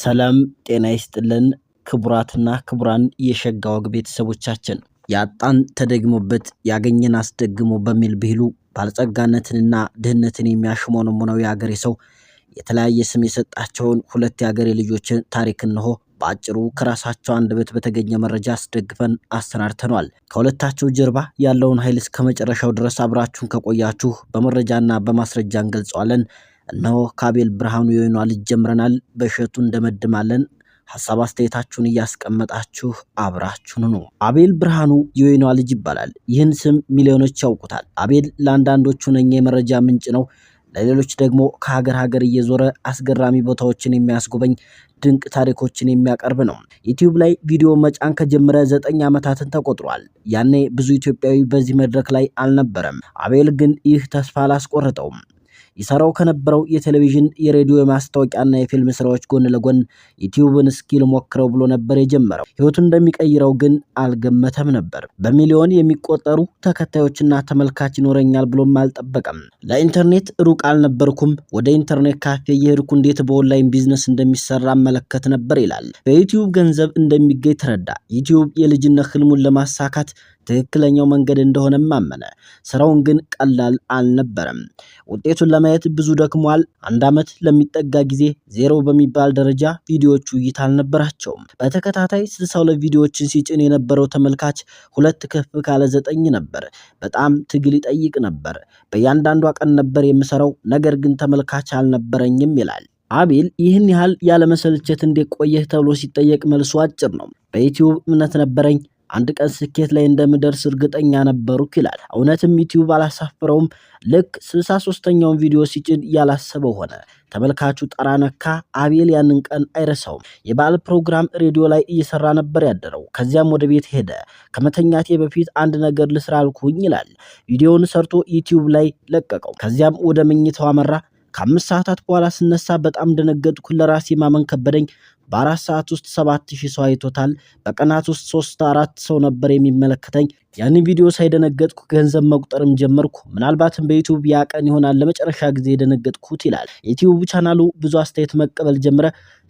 ሰላም ጤና ይስጥልን ክቡራትና ክቡራን የሸጋ ወግ ቤተሰቦቻችን፣ ያጣን ተደግሞበት ያገኘን አስደግሞ በሚል ብሂሉ ባለጸጋነትንና ድህነትን የሚያሽሞነሙነው የአገሬ ሰው የተለያየ ስም የሰጣቸውን ሁለት የአገሬ ልጆችን ታሪክ እንሆ በአጭሩ ከራሳቸው አንደበት በተገኘ መረጃ አስደግፈን አሰናድተኗል። ከሁለታቸው ጀርባ ያለውን ኃይል እስከ መጨረሻው ድረስ አብራችሁን ከቆያችሁ በመረጃና በማስረጃ እንገልጸዋለን። እነሆ ካቤል ብርሃኑ የወይኗ ልጅ ጀምረናል። በእሸቱ እንደመድማለን። ሀሳብ አስተያየታችሁን እያስቀመጣችሁ አብራችሁን ኑ። አቤል ብርሃኑ የወይኗ ልጅ ይባላል። ይህን ስም ሚሊዮኖች ያውቁታል። አቤል ለአንዳንዶቹ ነኛ የመረጃ ምንጭ ነው፣ ለሌሎች ደግሞ ከሀገር ሀገር እየዞረ አስገራሚ ቦታዎችን የሚያስጎበኝ ድንቅ ታሪኮችን የሚያቀርብ ነው። ዩቲዩብ ላይ ቪዲዮ መጫን ከጀመረ ዘጠኝ ዓመታትን ተቆጥሯል። ያኔ ብዙ ኢትዮጵያዊ በዚህ መድረክ ላይ አልነበረም። አቤል ግን ይህ ተስፋ አላስቆርጠውም። ይሰራው ከነበረው የቴሌቪዥን የሬዲዮ የማስታወቂያና የፊልም ስራዎች ጎን ለጎን ዩቲዩብን ስኪል ሞክረው ብሎ ነበር የጀመረው። ህይወቱን እንደሚቀይረው ግን አልገመተም ነበር። በሚሊዮን የሚቆጠሩ ተከታዮችና ተመልካች ይኖረኛል ብሎም አልጠበቀም። ለኢንተርኔት ሩቅ አልነበርኩም። ወደ ኢንተርኔት ካፌ የሄድኩ እንዴት በኦንላይን ቢዝነስ እንደሚሰራ መለከት ነበር ይላል። በዩቲዩብ ገንዘብ እንደሚገኝ ተረዳ። ዩቲዩብ የልጅነት ህልሙን ለማሳካት ትክክለኛው መንገድ እንደሆነም አመነ። ስራውን ግን ቀላል አልነበረም። ውጤቱን ለማየት ብዙ ደክሟል። አንድ ዓመት ለሚጠጋ ጊዜ ዜሮ በሚባል ደረጃ ቪዲዮዎቹ እይታ አልነበራቸውም። በተከታታይ 62 ቪዲዮዎችን ሲጭን የነበረው ተመልካች ሁለት ከፍ ካለ ዘጠኝ ነበር። በጣም ትግል ይጠይቅ ነበር። በእያንዳንዷ ቀን ነበር የምሰራው፣ ነገር ግን ተመልካች አልነበረኝም ይላል አቤል። ይህን ያህል ያለመሰልቸት እንዴት ቆየህ ተብሎ ሲጠየቅ መልሱ አጭር ነው። በዩትዩብ እምነት ነበረኝ አንድ ቀን ስኬት ላይ እንደምደርስ እርግጠኛ ነበርኩ ይላል። እውነትም ዩቲዩብ አላሳፍረውም። ልክ ስልሳ ሶስተኛውን ቪዲዮ ሲጭን ያላሰበው ሆነ። ተመልካቹ ጠራነካ ነካ። አቤል ያንን ቀን አይረሳውም። የበዓል ፕሮግራም ሬዲዮ ላይ እየሰራ ነበር ያደረው። ከዚያም ወደ ቤት ሄደ። ከመተኛቴ በፊት አንድ ነገር ልስራ አልኩኝ ይላል። ቪዲዮውን ሰርቶ ዩቲዩብ ላይ ለቀቀው። ከዚያም ወደ መኝታው አመራ። ከአምስት ሰዓታት በኋላ ስነሳ በጣም ደነገጥኩ። ለራሴ ማመን ከበደኝ። በአራት ሰዓት ውስጥ ሰባት ሺህ ሰው አይቶታል። በቀናት ውስጥ ሶስት አራት ሰው ነበር የሚመለከተኝ። ያንን ቪዲዮ ሳይደነገጥኩ ገንዘብ መቁጠርም ጀመርኩ። ምናልባትም በዩቲዩብ ያቀን ይሆናል ለመጨረሻ ጊዜ የደነገጥኩት ይላል። ዩቲዩብ ቻናሉ ብዙ አስተያየት መቀበል ጀምረ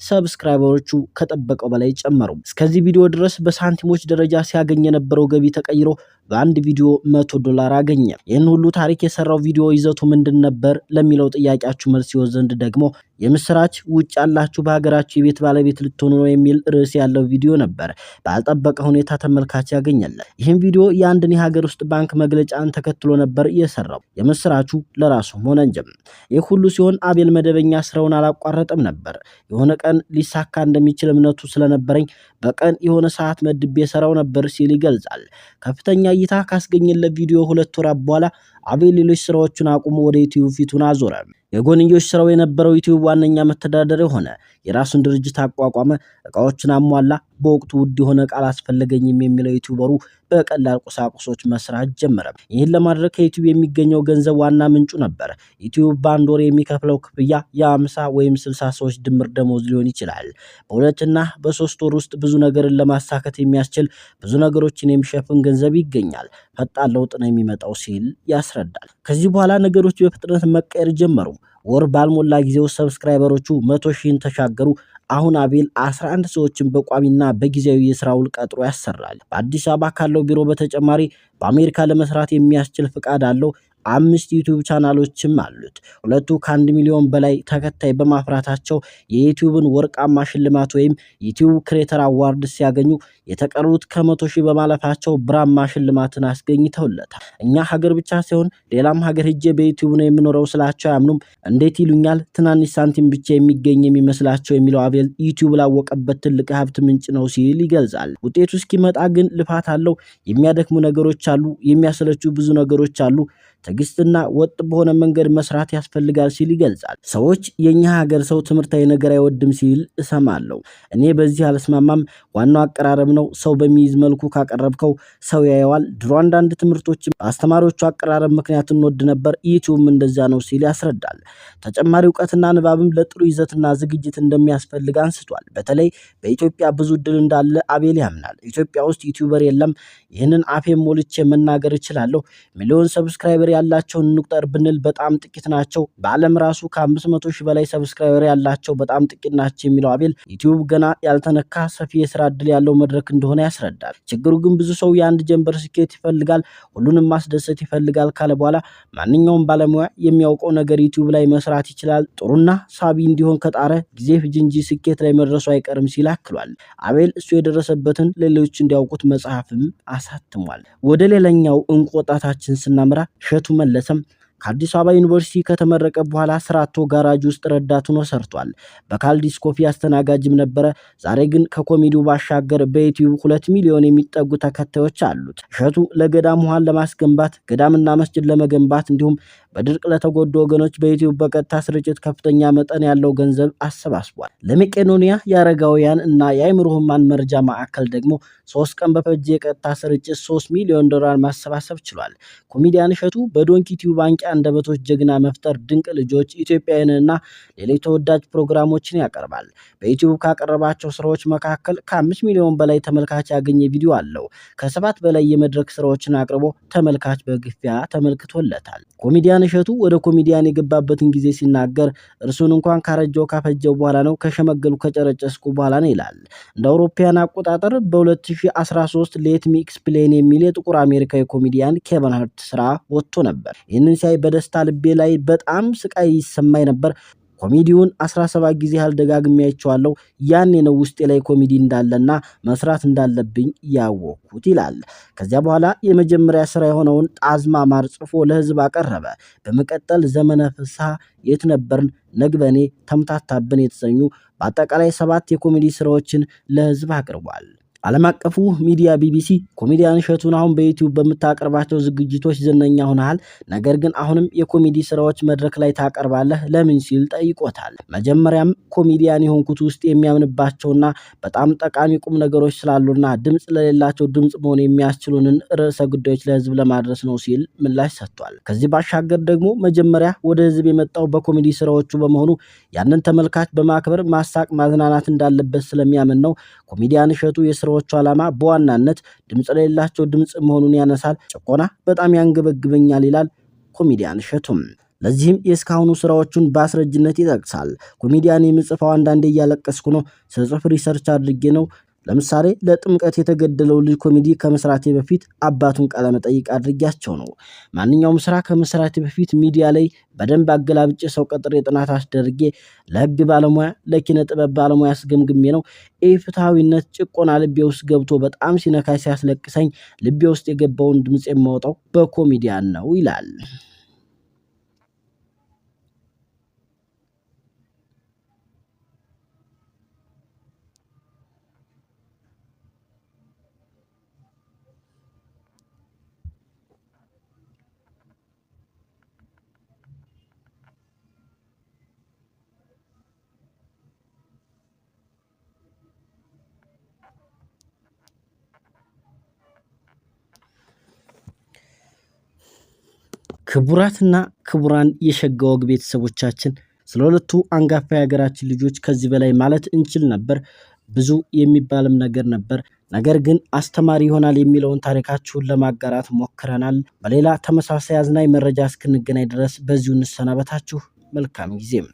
ሰብስክራይበሮቹ ከጠበቀው በላይ ጨመሩ። እስከዚህ ቪዲዮ ድረስ በሳንቲሞች ደረጃ ሲያገኝ የነበረው ገቢ ተቀይሮ በአንድ ቪዲዮ መቶ ዶላር አገኘ። ይህን ሁሉ ታሪክ የሰራው ቪዲዮ ይዘቱ ምንድን ነበር ለሚለው ጥያቄያችሁ መልስ ይወት ዘንድ ደግሞ የምስራች ውጭ ያላችሁ በሀገራችሁ የቤት ባለቤት ልትሆኑ ነው የሚል ርዕስ ያለው ቪዲዮ ነበር። ባልጠበቀ ሁኔታ ተመልካች ያገኛል። ይህም ቪዲዮ የአንድን የሀገር ውስጥ ባንክ መግለጫን ተከትሎ ነበር እየሰራው የምስራቹ ለራሱ ሆነ ይህ ሁሉ ሲሆን አቤል መደበኛ ስራውን አላቋረጠም ነበር። የሆነ ቀን ሊሳካ እንደሚችል እምነቱ ስለነበረኝ በቀን የሆነ ሰዓት መድቤ የሰራው ነበር ሲል ይገልጻል። ከፍተኛ እይታ ካስገኘለት ቪዲዮ ሁለት ወራት በኋላ አቤል ሌሎች ስራዎቹን አቁሞ ወደ ዩቲዩብ ፊቱን አዞረ። የጎንዮሽ ስራው የነበረው ዩቲዩብ ዋነኛ መተዳደሪያ ሆነ። የራሱን ድርጅት አቋቋመ፣ እቃዎችን አሟላ። በወቅቱ ውድ የሆነ ቃል አስፈለገኝም የሚለው ዩቲዩበሩ በቀላል ቁሳቁሶች መስራት ጀመረ። ይህን ለማድረግ ከዩቲዩብ የሚገኘው ገንዘብ ዋና ምንጩ ነበር። ዩቲዩብ በአንድ ወር የሚከፍለው ክፍያ የአምሳ ወይም ስልሳ ሰዎች ድምር ደሞዝ ሊሆን ይችላል። በሁለትና በሶስት ወር ውስጥ ብዙ ነገርን ለማሳከት የሚያስችል ብዙ ነገሮችን የሚሸፍን ገንዘብ ይገኛል። ፈጣን ለውጥ ነው የሚመጣው ሲል ያስረዳል። ከዚህ በኋላ ነገሮች በፍጥነት መቀየር ጀመሩ። ወር ባልሞላ ጊዜው ሰብስክራይበሮቹ መቶ ሺህን ተሻገሩ። አሁን አቤል 11 ሰዎችን በቋሚና በጊዜያዊ የስራ ውል ቀጥሮ ያሰራል። በአዲስ አበባ ካለው ቢሮ በተጨማሪ በአሜሪካ ለመስራት የሚያስችል ፍቃድ አለው። አምስት ዩቲዩብ ቻናሎችም አሉት። ሁለቱ ከአንድ ሚሊዮን በላይ ተከታይ በማፍራታቸው የዩቲዩብን ወርቃማ ሽልማት ወይም ዩቲዩብ ክሬተር አዋርድ ሲያገኙ የተቀሩት ከመቶ ሺህ በማለፋቸው ብራማ ሽልማትን አስገኝተውለታል። እኛ ሀገር ብቻ ሳይሆን ሌላም ሀገር ሄጄ በዩቲዩብ ነው የምኖረው ስላቸው አያምኑም። እንዴት ይሉኛል፣ ትናንሽ ሳንቲም ብቻ የሚገኝ የሚመስላቸው የሚለው አቤል ዩቲዩብ ላወቀበት ትልቅ ሀብት ምንጭ ነው ሲል ይገልጻል። ውጤቱ እስኪመጣ ግን ልፋት አለው። የሚያደክሙ ነገሮች አሉ። የሚያሰለቹ ብዙ ነገሮች አሉ። በትዕግስትና ወጥ በሆነ መንገድ መስራት ያስፈልጋል ሲል ይገልጻል። ሰዎች የኛ ሀገር ሰው ትምህርታዊ ነገር አይወድም ሲል እሰማለሁ። እኔ በዚህ አልስማማም። ዋናው አቀራረብ ነው። ሰው በሚይዝ መልኩ ካቀረብከው ሰው ያየዋል። ድሮ አንዳንድ ትምህርቶች አስተማሪዎቹ አቀራረብ ምክንያት እንወድ ነበር፣ ዩቲዩብም እንደዛ ነው ሲል ያስረዳል። ተጨማሪ እውቀትና ንባብም ለጥሩ ይዘትና ዝግጅት እንደሚያስፈልግ አንስቷል። በተለይ በኢትዮጵያ ብዙ እድል እንዳለ አቤል ያምናል። ኢትዮጵያ ውስጥ ዩቲዩበር የለም። ይህንን አፌ ሞልቼ መናገር እችላለሁ። ሚሊዮን ሰብስክራይበር ያላቸውን እንቁጠር ብንል በጣም ጥቂት ናቸው። በዓለም ራሱ ከ500 ሺህ በላይ ሰብስክራይበር ያላቸው በጣም ጥቂት ናቸው የሚለው አቤል ዩቲዩብ ገና ያልተነካ ሰፊ የስራ እድል ያለው መድረክ እንደሆነ ያስረዳል። ችግሩ ግን ብዙ ሰው የአንድ ጀንበር ስኬት ይፈልጋል፣ ሁሉንም ማስደሰት ይፈልጋል ካለ በኋላ ማንኛውም ባለሙያ የሚያውቀው ነገር ዩቲዩብ ላይ መስራት ይችላል። ጥሩና ሳቢ እንዲሆን ከጣረ ጊዜ ፍጅ እንጂ ስኬት ላይ መድረሱ አይቀርም ሲል አክሏል። አቤል እሱ የደረሰበትን ሌሎች እንዲያውቁት መጽሐፍም አሳትሟል። ወደ ሌላኛው እንቁ ወጣታችን ስናምራ እሸቱ መለሰም ከአዲስ አበባ ዩኒቨርሲቲ ከተመረቀ በኋላ ስራ አጥቶ ጋራጅ ውስጥ ረዳት ሆኖ ሰርቷል። በካልዲስ ኮፊ አስተናጋጅም ነበረ። ዛሬ ግን ከኮሜዲው ባሻገር በዩቲዩብ ሁለት ሚሊዮን የሚጠጉ ተከታዮች አሉት። እሸቱ ለገዳም ውሃን ለማስገንባት ገዳምና መስጅድ ለመገንባት እንዲሁም በድርቅ ለተጎዱ ወገኖች በዩቲዩብ በቀጥታ ስርጭት ከፍተኛ መጠን ያለው ገንዘብ አሰባስቧል። ለመቄዶንያ የአረጋውያን እና የአእምሮ መረጃ መርጃ ማዕከል ደግሞ ሶስት ቀን በፈጀ የቀጥታ ስርጭት ሶስት ሚሊዮን ዶላር ማሰባሰብ ችሏል። ኮሚዲያን እሸቱ በዶንኪ ቲዩብ አንቂ አንደበቶች ጀግና መፍጠር ድንቅ ልጆች፣ ኢትዮጵያውያንና ሌሎች ተወዳጅ ፕሮግራሞችን ያቀርባል። በዩቲዩብ ካቀረባቸው ስራዎች መካከል ከአምስት ሚሊዮን በላይ ተመልካች ያገኘ ቪዲዮ አለው። ከሰባት በላይ የመድረክ ስራዎችን አቅርቦ ተመልካች በግፊያ ተመልክቶለታል። ኮሚዲያን እሸቱ ወደ ኮሚዲያን የገባበትን ጊዜ ሲናገር እርሱን እንኳን ካረጀው ካፈጀው በኋላ ነው ከሸመገሉ ከጨረጨስኩ በኋላ ነው ይላል። እንደ አውሮፓያን አቆጣጠር በ 2013 ሌት ሚ ኤክስፕሌን የሚል የጥቁር አሜሪካዊ ኮሚዲያን ኬቨን ሀርት ስራ ወጥቶ ነበር። ይህንን ሲያይ በደስታ ልቤ ላይ በጣም ስቃይ ይሰማኝ ነበር። ኮሜዲውን 17 ጊዜ ያህል ደጋግሜ አይቼዋለሁ። ያኔ ነው ውስጤ ላይ ኮሜዲ እንዳለና መስራት እንዳለብኝ ያወቅኩት ይላል። ከዚያ በኋላ የመጀመሪያ ስራ የሆነውን ጣዝማ ማር ጽፎ ለህዝብ አቀረበ። በመቀጠል ዘመነ ፍስሐ፣ የት ነበርን፣ ነግበኔ፣ ተምታታብን የተሰኙ በአጠቃላይ ሰባት የኮሜዲ ስራዎችን ለህዝብ አቅርቧል። ዓለም አቀፉ ሚዲያ ቢቢሲ ኮሜዲያን እሸቱን አሁን በዩቲዩብ በምታቀርባቸው ዝግጅቶች ዝነኛ ሆነሃል፣ ነገር ግን አሁንም የኮሜዲ ስራዎች መድረክ ላይ ታቀርባለህ ለምን ሲል ጠይቆታል። መጀመሪያም ኮሜዲያን የሆንኩት ውስጥ የሚያምንባቸውና በጣም ጠቃሚ ቁም ነገሮች ስላሉና ድምፅ ለሌላቸው ድምፅ መሆን የሚያስችሉንን ርዕሰ ጉዳዮች ለህዝብ ለማድረስ ነው ሲል ምላሽ ሰጥቷል። ከዚህ ባሻገር ደግሞ መጀመሪያ ወደ ህዝብ የመጣው በኮሜዲ ስራዎቹ በመሆኑ ያንን ተመልካች በማክበር ማሳቅ ማዝናናት እንዳለበት ስለሚያምን ነው። ኮሚዲያን እሸቱ የስራዎቹ ዓላማ በዋናነት ድምፅ ለሌላቸው ድምፅ መሆኑን ያነሳል። ጭቆና በጣም ያንገበግበኛል ይላል ኮሚዲያን እሸቱም። ለዚህም የእስካሁኑ ስራዎቹን በአስረጅነት ይጠቅሳል። ኮሚዲያን የምጽፈው አንዳንዴ እያለቀስኩ ነው፣ ስጽፍ ሪሰርች አድርጌ ነው ለምሳሌ ለጥምቀት የተገደለው ልጅ ኮሜዲ ከመስራቴ በፊት አባቱን ቃለመጠይቅ አድርጊያቸው ነው። ማንኛውም ስራ ከመስራቴ በፊት ሚዲያ ላይ በደንብ አገላብጬ ሰው ቀጥሬ ጥናት አስደርጌ ለህግ ባለሙያ ለኪነ ጥበብ ባለሙያ አስገምግሜ ነው። ኢፍትሐዊነት፣ ጭቆና ልቤ ውስጥ ገብቶ በጣም ሲነካ ሲያስለቅሰኝ ልቤ ውስጥ የገባውን ድምፅ የማወጣው በኮሚዲያን ነው ይላል። ክቡራትና ክቡራን የሸጋ ወግ ቤተሰቦቻችን ስለ ሁለቱ አንጋፋ የሀገራችን ልጆች ከዚህ በላይ ማለት እንችል ነበር። ብዙ የሚባልም ነገር ነበር። ነገር ግን አስተማሪ ይሆናል የሚለውን ታሪካችሁን ለማጋራት ሞክረናል። በሌላ ተመሳሳይ አዝናኝ መረጃ እስክንገናኝ ድረስ በዚሁ እንሰናበታችሁ። መልካም ጊዜም